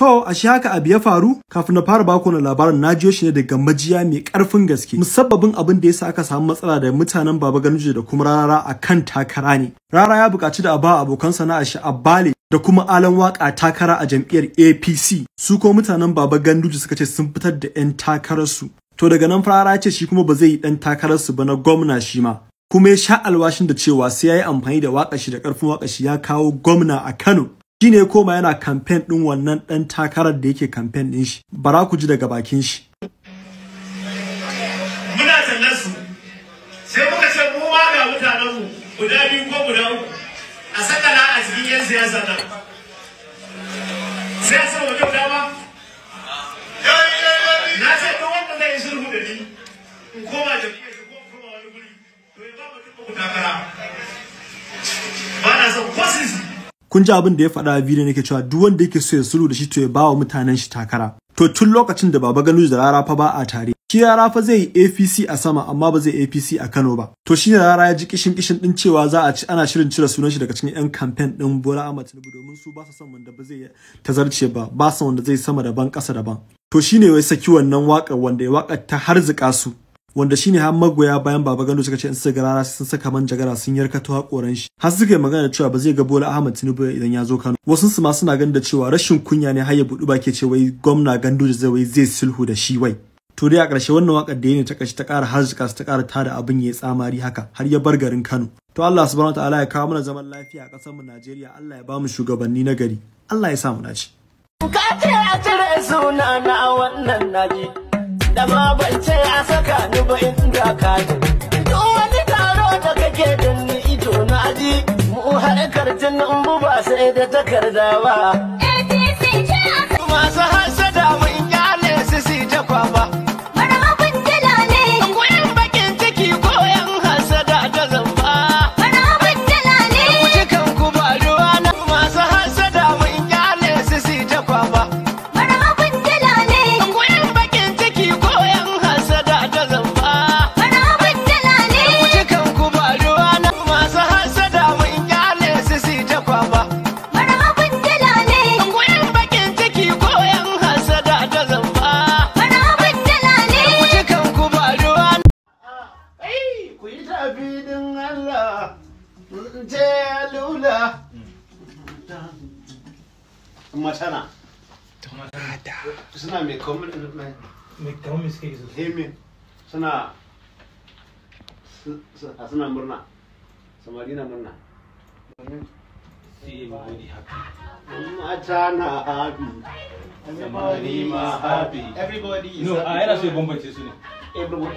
To, a shi haka abu ya faru kafin na fara bako na labarin na jiyo shi ne daga majiya mai karfin gaske. Musabbabin abin da ya sa aka samu matsala da mutanen Baba Ganuje da kuma Rara a kan takara ne. Rara ya buƙaci da a ba abokan sana'a shi Bale da kuma alan waka takara a jam'iyyar APC. Su ko mutanen Baba Ganduje suka ce sun fitar da 'yan takararsu. To daga nan Rara ce shi kuma ba zai yi ɗan takararsu ba na gwamna shi ma. kuma ya sha alwashin da cewa sai ya yi amfani da shi da ƙarfin shi ya kawo gwamna a Kano. shi ya koma yana kamfen ɗin wannan ɗan takarar da yake kamfen ɗin shi bara ku ji daga bakin shi muna tallan su sai muka ce mu ma ga mutanenmu guda biyu ko guda uku a saka na a cikin yan siyasa nan sai a sa waje guda ba na ce to wanda zai yi sulhu da ni in koma jam'iyyar ko kuma wani guri to ya ba mu duka takara ba na son ko kun ji abin da ya faɗa a bidiyon nake cewa duk wanda yake so ya sulhu da shi to ya ba wa mutanen shi takara to tun lokacin da baba ganuji da rara fa ba a tare shi rara fa zai yi APC a sama amma ba zai APC a Kano ba to shine rara ya ji kishin kishin din cewa za a ci ana shirin cire sunan shi daga cikin yan campaign din Bola Ahmed Tinubu domin su ba su son wanda ba zai tazarce ba ba su wanda zai sama daban kasa daban to shine wai saki wannan waƙar wanda ya waka ta harzika su wanda shine har magoya bayan Baba Gando suka ce in suka rara sun saka manjagara sun yarkato hakoran shi har suka yi magana cewa ba zai ga Bola ahmad Tinubu idan ya zo Kano wasu su ma suna ganin da cewa rashin kunya ne har ya budu ke ce wai gwamna Gando zai wai zai sulhu da shi wai to dai a ƙarshe wannan waƙar da ne ta ƙarshe ta ƙara harzuka ta ƙara tada abin ya tsamari haka har ya bar garin Kano to Allah subhanahu wataala ya kawo mana zaman lafiya a ƙasar mu Najeriya Allah ya ba mu shugabanni na gari Allah ya sa mu dace ka ce a cire suna wannan naji da ban ce a saka ni ba inda ka ji duk wani taro da kake da ni ido na aji mu harkar jinin bu ba sai da takarda ba APC abidin Allah jalula Macana? suna Sana kamun mai kamun suke su sana suna murna samari na murna happy samari happy everybody no a yana so ya bambance su ne